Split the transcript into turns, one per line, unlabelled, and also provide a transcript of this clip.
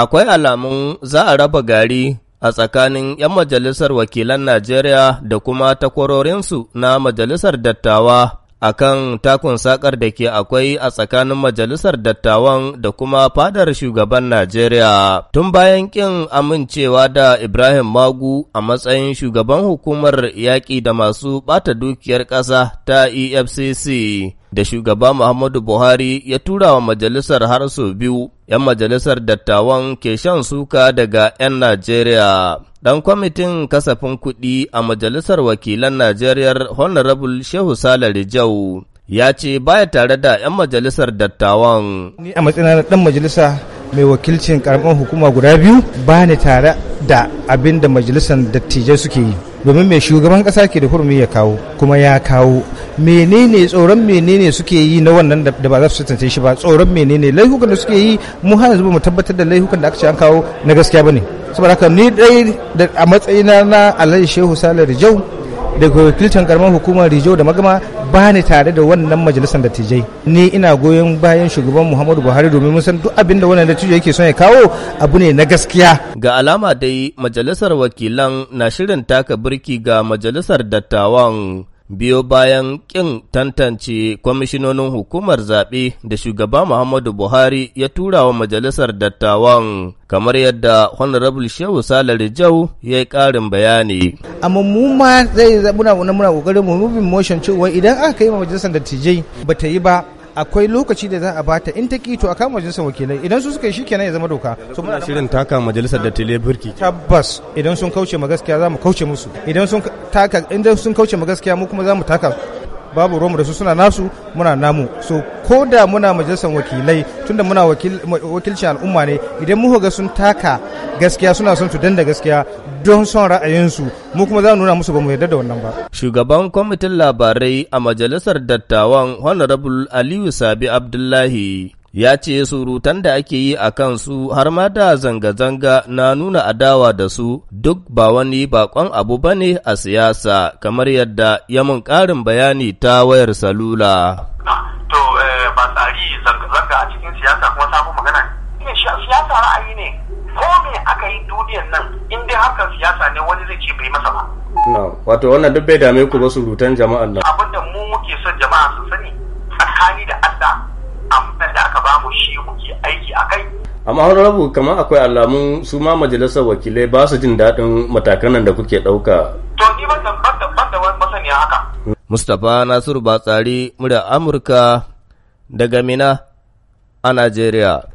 akwai alamun za a raba gari a tsakanin 'yan majalisar wakilan Najeriya da kuma takwarorinsu na majalisar dattawa a kan takun sakar da ke akwai a tsakanin majalisar dattawan da kuma fadar shugaban Najeriya. Tun bayan ƙin amincewa da Ibrahim Magu a matsayin shugaban hukumar yaƙi da masu ɓata dukiyar ƙasa ta EFCC da shugaba Muhammadu Buhari ya tura wa majalisar har sau biyu ‘yan majalisar dattawan ke shan suka daga ‘yan Najeriya. Dan kwamitin kasafin kuɗi a majalisar wakilan Najeriya Honorable Shehu Sale Jau ya ce baya tare da ‘yan majalisar dattawan. Ni
a matsayin ɗan majalisa mai wakilcin karamin hukuma guda biyu ba ni tare da abin da majalisar dattijai suke yi. Domin mai shugaban ƙasa ke da hurumi ya kawo, kuma ya kawo menene tsoron menene suke yi na wannan da ba za su tantance shi ba tsoron menene laihukan da suke yi mu har yanzu mu tabbatar da laihukan da aka ce an kawo na gaskiya bane saboda haka ni dai a matsayina na Alhaji Shehu Sale Rijau da wakilcin karamar hukumar Rijo da Magama ba ni tare da wannan majalisar dattijai ni ina goyon bayan shugaban Muhammadu Buhari domin mun san duk abin da wannan dattijo yake son ya kawo abu ne na gaskiya
ga alama dai majalisar wakilan na shirin taka birki ga majalisar dattawan biyo bayan ƙin tantance kwamishinonin hukumar zaɓe da shugaba Muhammadu Buhari ya tura wa majalisar dattawan kamar yadda Honorable Shehu Salari Jau ya yi ƙarin bayani. Amma
mu ma zai muna muna ƙoƙarin mu moving motion cewa idan aka yi wa majalisar dattijai ba ta yi ba akwai lokaci da za a bata in ta ki to a kama majalisar wakilai idan su suka yi shikenan ya zama doka so
muna shirin taka majalisar da tele burki
tabbas idan sun kauce ma gaskiya za mu kauce musu idan sun taka idan sun kauce ma gaskiya mu kuma za mu taka babu ruwanmu da su suna nasu muna namu so ko da muna majalisar wakilai tunda muna wakilcin al'umma ne idan muka ga sun taka gaskiya suna son su danda gaskiya don son ra'ayinsu mu kuma za mu nuna musu ba mu yarda da wannan ba.
Shugaban kwamitin labarai a majalisar dattawan Honorable Aliyu Sabi Abdullahi ya ce surutan da ake yi a kansu har ma da zanga-zanga na nuna adawa da su duk ba wani bakon abu ba ne a siyasa kamar yadda ya mun ƙarin bayani ta wayar salula.
To eh, ba tsari zanga-zanga a cikin siyasa kuma sabon magana
ne eh, siyasa ra'ayi ne ko me aka yi duniyan nan in dai harkar siyasa ne wani zai ce bai masa ba. Wato wannan duk bai dame ku ba surutan jama'an nan. Abin amma rabu kamar akwai alamun su ma majalisar wakilai ba su jin daɗin matakan nan da kuke ɗauka to ni ban da ban da masaniya haka mustapha nasiru batsari murya amurka daga mina a najeriya